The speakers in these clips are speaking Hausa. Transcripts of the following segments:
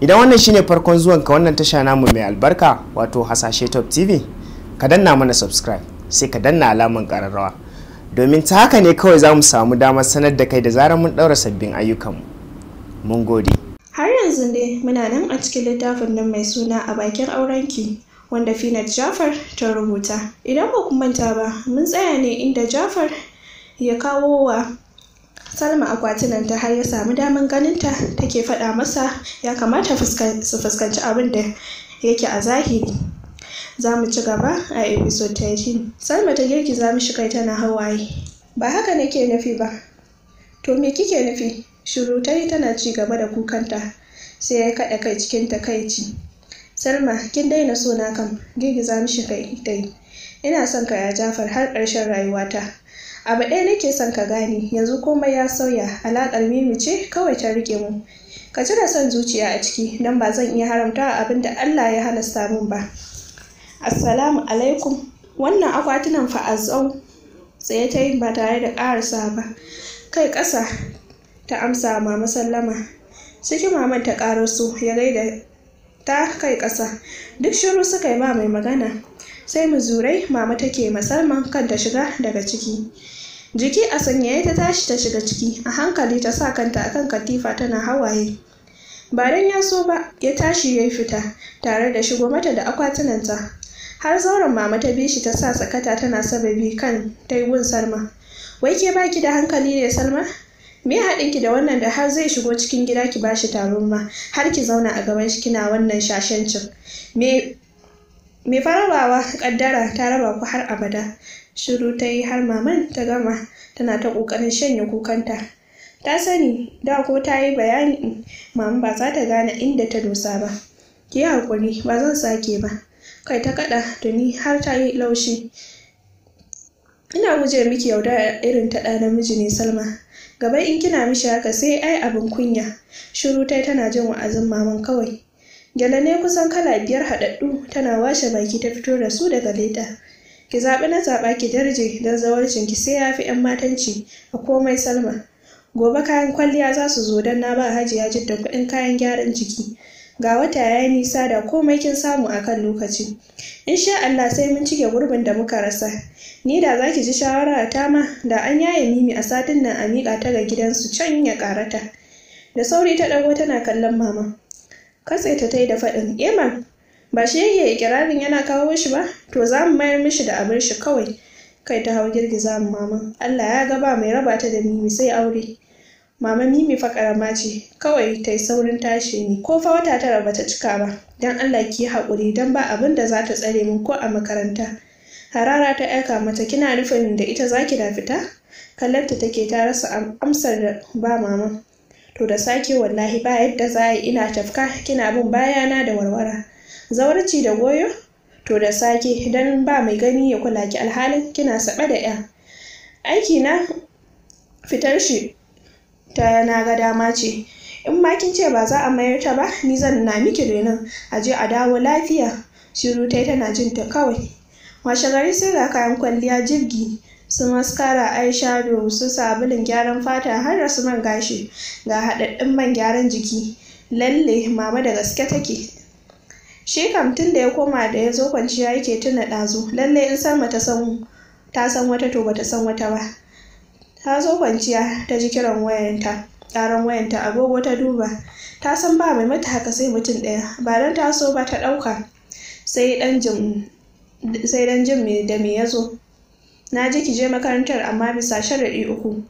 idan wannan shine farkon zuwan ka wannan tasha namu mai albarka wato hasashe top tv ka danna mana subscribe sai ka danna alaman kararrawa domin ta haka ne kawai za mu samu damar sanar da kai da zarar mun daura sabbin ayyukanmu mun gode har yanzu dai muna nan a cikin littafin nan mai suna a bakin aurenki wanda finat jafar ta rubuta idan ba ku manta ba mun tsaya ne inda jafar ya kawo wa salma akwatinan ta har ya samu daman ganinta take faɗa masa ya kamata su fuskanci abin da yake a zahiri za mu ci gaba a episode 13 salma ta girki za mu shiga tana hawaye ba haka nake nufi ba to me kike nufi shiru ta yi tana ci gaba da kukanta sai ya kaɗa kai cikin takaici salma kin daina na kam girgiza mishi kai dai ina son ka ya jafar har ƙarshen rayuwata abu ɗaya nake son ka gane yanzu komai ya sauya alaƙar mimi ce kawai ta rike mu ka cire son zuciya a ciki don ba zan iya haramta abin da allah ya halasta min ba assalamu alaikum wannan akwatunan zau tsaye ta yi ba tare da ƙarasa ba kai ƙasa ta amsa mama sallama cikin maman ta ƙaro su ya gaida ta kai ƙasa duk shiru suka yi ba mai magana sai muzurai mama take masalman kan ta shiga daga ciki jiki a sanyaye ta tashi ta shiga ciki a hankali ta sa kanta akan katifa tana hawaye ba don ya so ba ya tashi ya fita tare da shigo mata da akwatunanta har zauren mama ta bi shi ta sa sakata tana sababi kan taigun salma wai ke baki da hankali ne salma me haɗin ki da wannan da har zai shigo cikin gida ki ba shi taron ma har ki zauna a gaban shi kina wannan shashancin me me farabawa kaddara ta raba ku har abada shiru ta yi har maman ta gama tana ta kokarin shanye kukanta ta sani da ko ta yi bayani maman ba za ta gane inda ta dosa ba ki yi haƙuri ba zan sake ba kai ta kaɗa ni har ta yi laushi ina guje miki yauda irin ta ɗa namiji ne salma gaba in kina mishi haka sai ai abin kunya shiru tai tana jin wa'azin maman kawai gyalane kusan kala biyar haɗaɗɗu tana washe baki ta fito da su daga leda ki zaɓi na zaɓa ki darje don zawarcin ki sai ya fi 'yan matanci a komai salma gobe kayan kwalliya za su zo don na ba hajiya da kuɗin kayan gyaran jiki ga wata ya yi nisa da komai kin samu a kan lokaci sha Allah sai mun cike gurbin da muka rasa ni da za ki ji shawara ta ma da an yaye mimi a satin nan a miƙa ta ga gidansu can ya karata da sauri ta ɗago tana kallon mama katse ta ta yi da faɗin eman eh, ba shi yake ikirarin yana kawo shi ba to za mu mayar mishi da abin shi kawai kai ta hau girgiza mu mama Allah ya ga ba mai raba ta da mimi sai aure mama mimi fa karama ce kawai ta yi saurin tashi ne. ko fa wata tara ba ta cika ba dan Allah ki yi haƙuri dan ba abin da za ta tsare min ko a makaranta harara ta aika mata kina nufin da ita zaki da fita kallanta take ta rasa amsar da ba mama to da sake wallahi ba yadda za a ina tafka kina bin bayana da warwara zawarci da goyo to da sake don ba mai gani ya kula ki alhalin kina saɓa da ya aiki na fitar shi ta na ga dama ce in ma kin ce ba za a mayar ta ba ni zan na miki renon a je a dawo lafiya shiru tai tana jin ta kawai washe gari sai ga kayan kwalliya jirgi su maskara eyeshadow su sabulin gyaran fata har da su man gashi ga haɗaɗɗun man gyaran jiki lalle mama da gaske take shi kam tun da ya koma da ya zo kwanciya yake tuna ɗazu lallai in san ta san ta san wata to bata san wata ba ta zo kwanciya ta ji kiran wayanta ƙaran wayanta agogo ta duba ta san ba mai mata haka sai mutum ɗaya ba don ta so ba ta ɗauka sai ɗan jin sai dan jin da mai ya zo na ji ki je makarantar amma bisa sharaɗi uku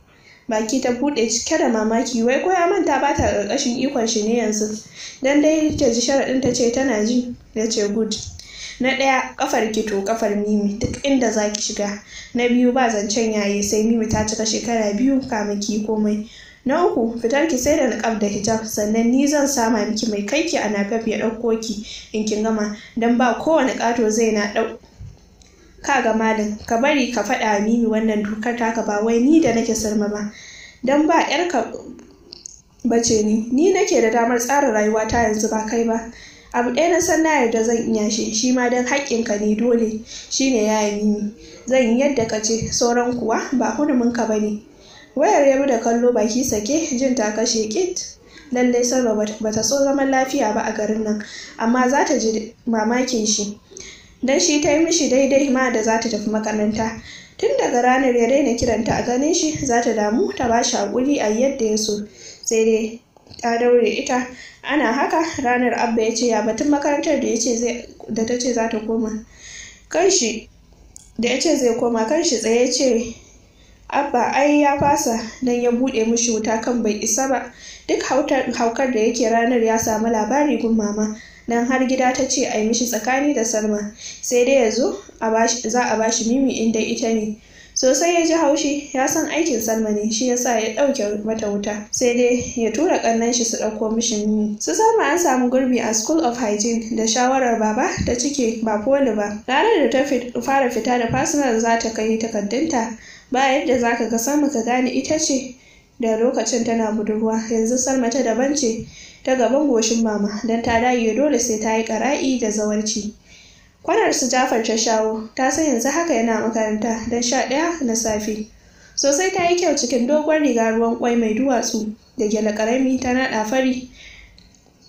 baki ta buɗe cike da mamaki wai ko ya manta ba ta ƙarƙashin ikon shi ne yanzu dan dai ta ji sharaɗin ta ce tana ji ya ce good na ɗaya kafar kito kafar mimi duk inda za ki shiga na biyu ba zancen yaye sai mimi ta cika shekara biyu kamin ki komai na uku fitar ki sai da niƙaf da hijab sannan ni zan sama miki mai kaiki a nafef ya ɗauko ki in kin gama dan ba kowane kato zai na Ka ga malam ka bari ka faɗa mimi wannan dokar taka ba wai ni da nake sarma ba don ba yarka bace ni ni nake da damar tsara rayuwa ta yanzu ba kai ba abu ɗaya na san na yarda zan iya shi shi ma don haƙƙinka ne dole shine yaya mimi zan yi yadda ka ce sauran kuwa ba huruminka ba ne wayar ya da kallo baki sake jin ta kashe kit lallai sarwa bata so zaman lafiya ba a garin nan amma za ta ji mamakin shi don shi ta yi mishi daidai ma da za ta tafi makaranta tun daga ranar ya daina kiranta a ganin shi za ta damu ta ba shi haƙuri a yadda ya so sai dai ta daure ita ana haka ranar abba ya ce ya batun makarantar da ta ce za ta koma kanshi da ya ce zai koma kanshi tsaye ce abba ai ya fasa don ya buɗe mishi wuta kan bai isa ba duk haukar da yake ranar ya samu labari gun mama don har gida ta ce a yi mishi tsakani da salma sai dai ya zo za a bashi mimi inda ita ne sosai ya ji haushi ya san aikin salma ne shi yasa ya ɗauke mata wuta sai dai ya tura ƙannan shi su ɗauko mishi mimi su salma an samu gurbi a school of hygiene da shawarar baba ta cike ba poli ba ranar da ta fara fita da fasinal za ta kai takardunta ba yadda za ka ga sama ka gane ita ce da lokacin tana budurwa yanzu salma ta daban ce ta gaban goshin mama don ta dage dole sai ta yi kara'i da zawarci kwanar su jafar ta shawo ta san yanzu haka yana makaranta don sha ɗaya na safe sosai ta yi kyau cikin dogon riga ruwan kwai mai duwatsu da gyale karami ta naɗa fari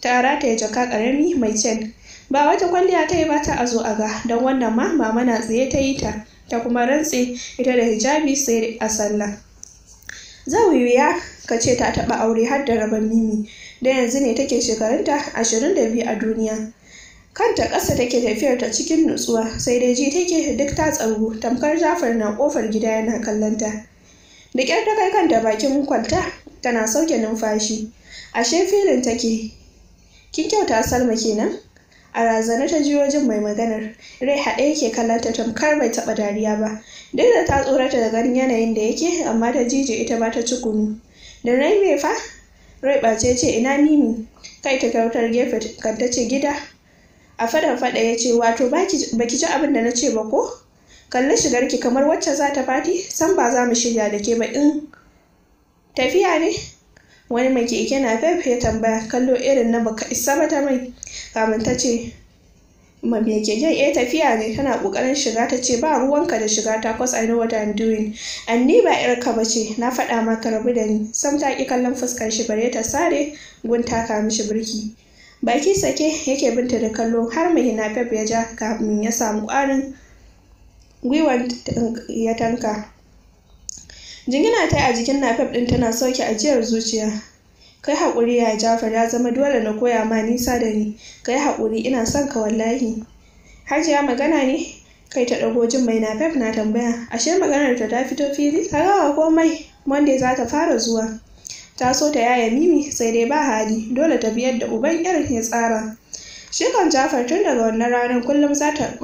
ta ya jaka karami mai cen ba wata kwalliya ta yi ba ta azo a ga don wannan ma mama na tsaye ta yi ta ta kuma rantse ita da hijabi sai a sallah zai wuya ka ce ta taɓa aure har da rabon mimi da yanzu ne take shekarunta ashirin da biyu a duniya kanta ƙasa take tafiyar ta cikin nutsuwa sai dai ji take duk ta tsaro tamkar jafar na ƙofar gida yana kallonta da ƙyar ta kai kanta bakin kwalta tana sauke numfashi ashe filin take kin kyauta salma kenan a razana ta ji wajen mai maganar rai haɗe yake kallon ta tamkar bai taɓa dariya ba duk da ta tsorata da ganin yanayin da yake amma ta jije ita ba ta cikunu da rai mai fa rai ɓace ce ina mimi kai ta kyautar gefe kan ta ce gida a fadan faɗa ya ce wato baki ji abin da na ce ba ko kalli ki kamar wacce za ta fati san ba za mu shirya da ke ba in tafiya ne wani mai keke na fefe tambaya kallo irin na baka isa ba ta mai kamin ta ce ma me keken eh tafiya ne tana kokarin shiga ta ce ba ruwanka da shiga ta kwas I know what I'm doing and ni ba yarka ba ce na faɗa maka rabu da ni sam ta ki kallon fuskar shi bare ta sare gun kama shi birki baki sake yake binta da kallo har mai hinafef ya ja kafin ya samu ƙwarin gwiwan ya tanka jingina ta a jikin nafef ɗin tana sauke ajiyar zuciya kai haƙuri ya jafar ya zama dole na koya ma nisa da ni kai haƙuri ina son ka wallahi hajiya magana ne kai ta ɗago jin mai na pep na tambaya ashe maganar ta ta fito fili ta gawa komai monday za ta fara zuwa ta so ta yaya mimi sai dai ba hali dole ta biyar da uban irin ya tsara shekan jafar tun daga wannan ranar kullum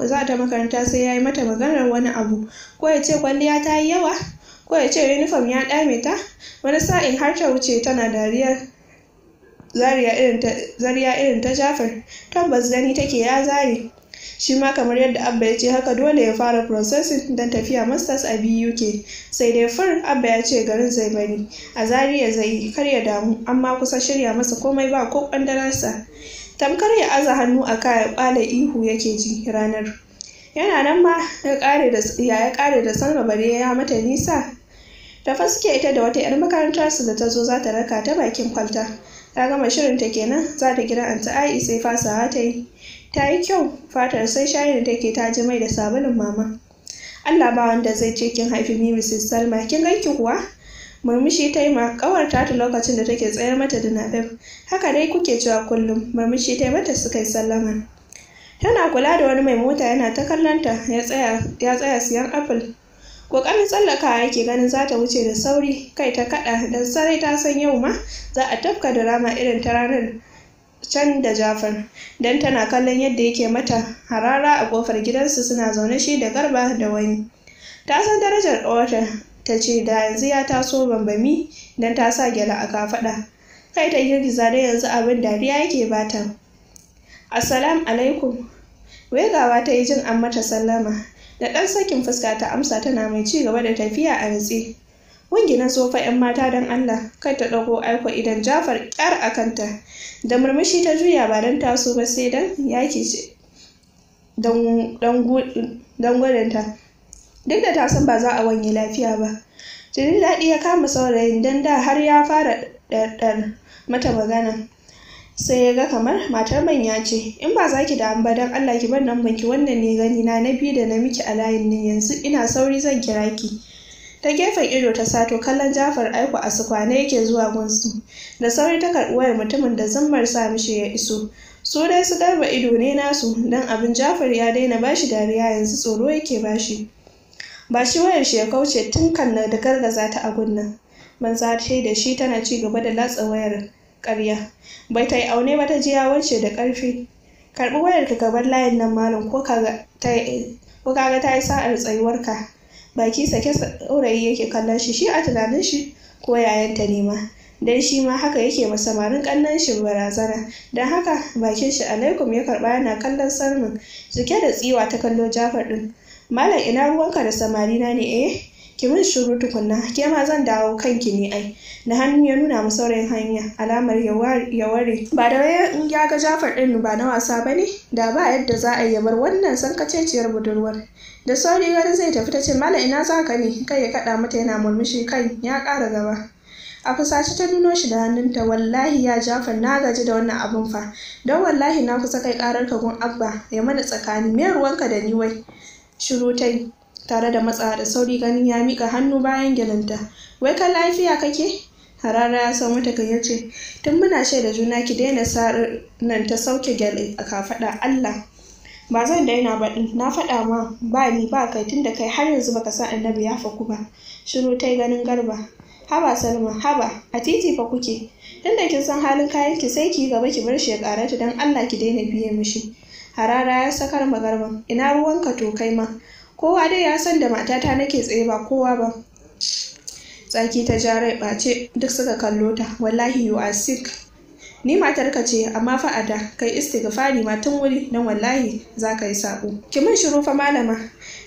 za ta makaranta sai ya yi mata maganar wani abu ko ya ce kwalliya ta yi yawa ko ya ce uniform ya dame ta wani sa'in har ta wuce tana dariya zariya irin ta jafar tabbas gani take ya zare shi ma kamar yadda abba ya ce haka dole ya fara processing don tafiya masters a biyu ke sai dai fur abba ya ce garin zai bari a zariya zai kar ya damu amma kusa shirya masa komai ba ko kwandararsa tamkar ya aza hannu a kaya kwala ihu yake ji ranar yana nan ma ya kare da salma bare ya mata nisa da faske ita da wata 'yar makarantar su da ta zo za ta raka ta bakin kwalta ta gama shirin ta kenan za ta gidan anta ai sai fasawa ta yi ta yi kyau fatar sai shayin da take ta ji mai da sabulun mama Allah ba wanda zai ce kin haifi mi Mrs. Salma kin ganki kuwa murmushi ta yi ma kawar ta lokacin da take tsayar mata da nafef haka dai kuke cewa kullum murmushi ta yi mata suka yi sallama tana kula da wani mai mota yana ta kallonta ya tsaya siyan apple ƙoƙarin tsallaka yake ganin za ta wuce da sauri kai ta kaɗa don sarai ta san yau ma za a tafka da rama irin ta ranar can da jafar don tana kallon yadda yake mata harara a ƙofar gidansu suna zaune shi da garba da wani ta san darajar ƙawarta ta ce da yanzu ya taso bambami don ta sa gyala a kafaɗa kai ta girgiza da yanzu abin dariya yake bata assalamu alaikum wegawa ta yi jin an mata sallama da ɗan sakin fuska ta amsa tana mai ci gaba da tafiya a nutse wangina sofa 'yan mata don Allah kai ta ɗauko aiko idan Jafar ƙyar a kanta da murmushi ta juya ba don taso ba sai don yaki ce don gudunta duk da ta san ba za a wanye lafiya ba jini daɗi ya kama saurayin don da har ya fara ɗarɗar mata magana sai ya ga kamar matar manya ce in ba za ki da ba don allah ki bar nan banki wannan ne gani na na biyu da na miki a layin ne yanzu ina sauri zan kira ki ta gefen ido ta sato kallon jafar aiko a sukwane yake zuwa gunsu da sauri ta karɓi wayar mutumin da zammar sa mishi ya iso su dai su garba ido ne nasu don abin jafar ya daina bashi dariya yanzu tsoro yake bashi ba shi wayar shi ya kauce tun kan na da gargaza ta a gunnan ban za da shi tana ci gaba da latsa wayar ƙarya bai ta yi aune ba ta ji ya da ƙarfi karɓi wayarka ka bar layin nan malam ko kaga ta yi sa'ar tsayuwarka baki sake saurayi yake kallon shi shi a tunanin shi ko yayanta ne ma dan shi ma haka yake ma samarin kannan shi barazana dan haka bakin shi alaikum ya karɓa yana kallon sarmin cike da tsiwa ta kallo jafar ɗin. malam ina ruwanka da samarina ne eh ki min shiru tukunna ke ma zan dawo kanki ne ai da hannu ya nuna mu saurayin hanya alamar yawari. ba da in ya ga jafar ɗin ba na wasa ba ne da ba yadda za a yi bar wannan sankaceciyar budurwar da sauri wani zai tafi ta ce mala ina za ka ne kai ya kaɗa mata yana murmushi kai ya ƙara gaba a fusace ta nuno shi da hannunta wallahi ya jafar na gaji da wannan abun fa don wallahi na kusa kai karar ka gun abba ya mana tsakani miyar ruwanka da ni wai shiru ta yi tare da matsa da sauri ganin ya mika hannu bayan gilinta wai ka lafiya kake harara ya san wata kan yace tun muna shaida juna ki daina sarar nan ta sauke gyale a kafaɗa Allah ba zan daina ba na faɗa ma ba ni ba kai tun da kai har yanzu baka sa annabi ya faku ba shiru ta yi ganin garba haba salma haba a titi fa kuke tunda kin san halin kayan ki sai ki gaba ki bar shi ya ta, dan Allah ki daina biye mishi harara ya sakar ma Garba. ina ruwanka to kai ma kowa dai ya san da matata nake tsaye ba kowa ba tsaki ta ja rai ɓace duk suka kallo ta wallahi you are sick ni matarka ce amma fa a da kai istighfari ma tun wuri dan wallahi za ka yi sabo ki min shiru fa malama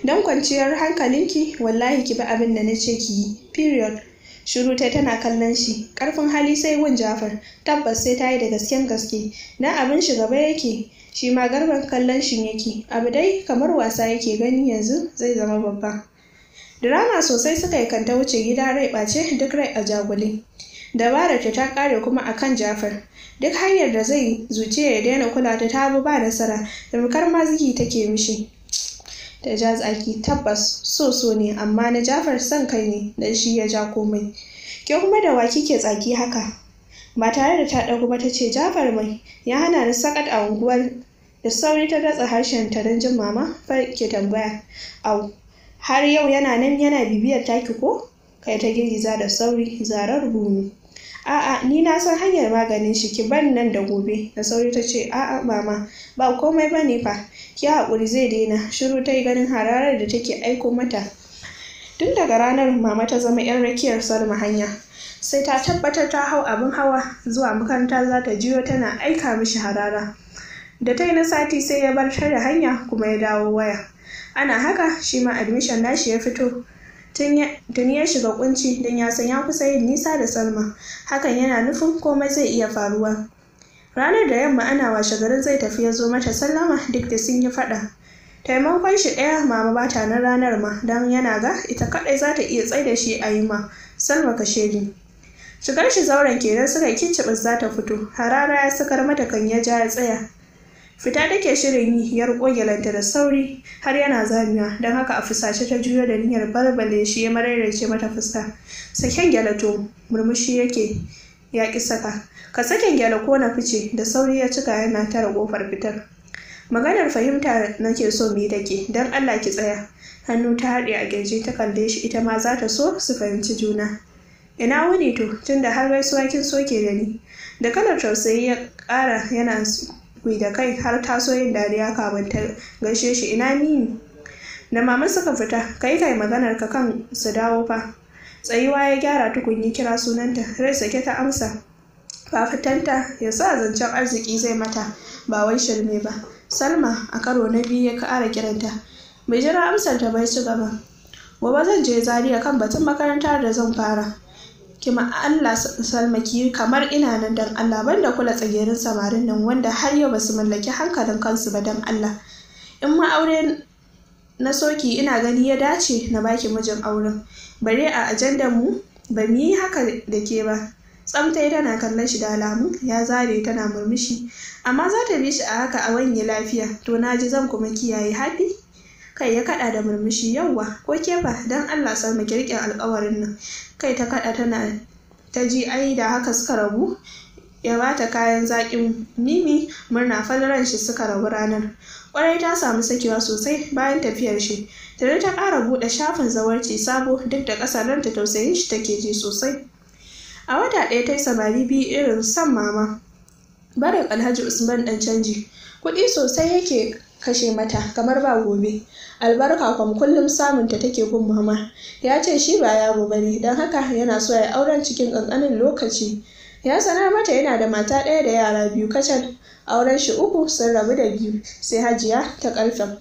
dan kwanciyar hankalinki wallahi ki bi abin da nace ki yi period shiru ta tana kallon shi karfin hali sai wun jafar tabbas sai ta yi da gasken gaske dan abin shi gaba yake shi ma garban kallon shi yake abu dai kamar wasa yake gani yanzu zai zama babba drama sosai suka yi kanta wuce gida rai ɓace duk rai a jagule dabarar ta ta kare kuma a kan jafar duk hanyar da zai zuciya ya daina kula ta ta ba nasara da tamkar maziki take mishi da ja tsaki tabbas so so ne amma na jafar son kai ne dan shi ya ja komai ke kuma da wa kike tsaki haka ba tare da ta ɗago ba ta ce jafar mai ya hana ni sakat a unguwar da sauri ta datsa harshen ta don jin mama ke tambaya au har yau yana nan yana bibiyar taki ko kai ta girgiza da sauri zarar gumi a'a ni na san hanyar maganin shi ki ban nan da gobe da sauri ta ce a'a mama ba komai bane fa ki haƙuri zai daina shiru ta yi ganin hararar da take aiko mata tun daga ranar mama ta zama 'yan rakiyar salma hanya sai ta tabbatar ta hau abin hawa zuwa makaranta za ta jiyo tana aika mishi harara da ta yi na sati sai ya bar ta da hanya kuma ya dawo waya ana haka shi ma admission nashi ya fito tun ya shiga kunci don ya san ya kusa yin nisa da salma hakan yana nufin komai zai iya faruwa ranar da yamma ana washe garin zai tafi ya zo mata sallama duk da sun yi faɗa taimakon shi ɗaya mama ba ta nan ranar ma don yana ga ita kaɗai za ta iya tsaida shi a yi ma salma ka shedi shigar shi zauren kenan suka kicibis za ta fito harara ya sakar mata kan ya ja ya tsaya fita take shirin yi ya kogelanta gyalanta da sauri har yana zamiya don haka a fusace ta juyo da niyyar balbale shi ya mararrace mata fuska saken gyalato murmushi yake ya ki saka ka saken gyala ko na fice da sauri ya cika yana tara kofar fitar maganar fahimta nake so mu yi take don allah ki tsaya hannu ta haɗe a girji ta kalle shi ita ma za ta so su fahimci juna ina wuni to tun da har gaisuwa kin soke da ni da kalar tausayi ya ƙara yana kui da kai har taso yin dariya kafin ta gaishe shi ina mini da mama suka fita kai kai maganar ka kan su dawo fa tsayuwa ya gyara tukunyi kira sunanta rai sake ta amsa fafitanta ya sa zancen arziki zai mata ba wai shirme ba salma a karo na biyu ya ƙara kiranta bai jira amsar ta bai ci gaba gobe zan je zariya kan batun makarantar da zan fara ki Allah salmaki kamar ina nan dan Allah banda kula tsagerin samarin nan wanda har yau basu mallaki hankalin kansu ba dan Allah in ma aure na soki ina gani ya dace na baki mijin auren bare a ajandar mu ba mu yi haka da ke ba tsamtai tana kallon shi da alamu ya zare tana murmushi amma za ta bi shi a haka a wanye lafiya to na ji zan kuma kiyaye haɗi kai ya kaɗa da murmushi yauwa ko ke ba don allah san kirkin alkawarin nan kai ta kaɗa tana ta ji ai da haka suka rabu ya ba ta kayan zaƙin mimi murna falaran shi suka rabu ranar kwarai ta samu sakewa sosai bayan tafiyar shi tare ta ƙara buɗe shafin zawarci sabo duk da ƙasar ta tausayin shi take ji sosai a wata ɗaya ta samari biyu irin san mama barin alhaji usman ɗan canji kuɗi sosai yake kashe mata kamar ba gobe albarka kwam kullum samunta take gun mama ya ce shi ba yaro ba ne don haka yana so ya yi auren cikin ƙanƙanin lokaci ya sanar mata yana da mata ɗaya da yara biyu kacal auren shi uku sun rabu da biyu sai hajiya ta ƙarfen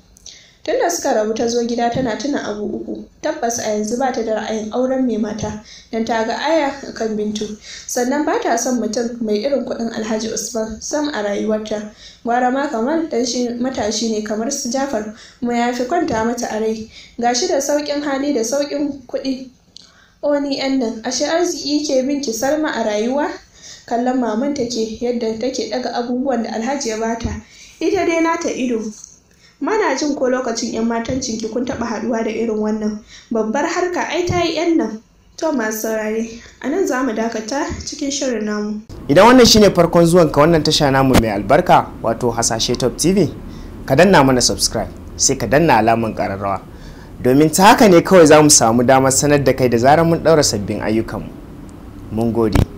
Tun da suka rabu ta zo gida tana tuna abu uku, tabbas a yanzu ba ta da ra'ayin auren mai mata, don ta ga aya kan bintu. Sannan ba ta son mutum mai irin kuɗin Alhaji Usman sam a rayuwarta. Gwara ma kamar dan shi matashi ne kamar su Jafar, kuma ya fi kwanta mata a rai. Ga shi da sauƙin hali da sauƙin kuɗi. Oni yan nan, ashe arziki ke bin ki sarma a rayuwa? Kallon maman take yadda take ɗaga abubuwan da Alhaji ya bata. Ita dai nata ido, mana jin ko lokacin 'yan matan ciki kun taɓa haɗuwa da irin wannan babbar harka ai ta yi 'yan nan to masu saurare a nan za mu dakata cikin shirin namu idan wannan shine farkon zuwan ka wannan tasha namu mai albarka wato hasashe top tv ka danna mana subscribe sai ka danna alaman ƙararrawa domin ta haka ne kawai za mu samu damar sanar da kai da zarar mun ɗaura sabbin ayyukanmu mun gode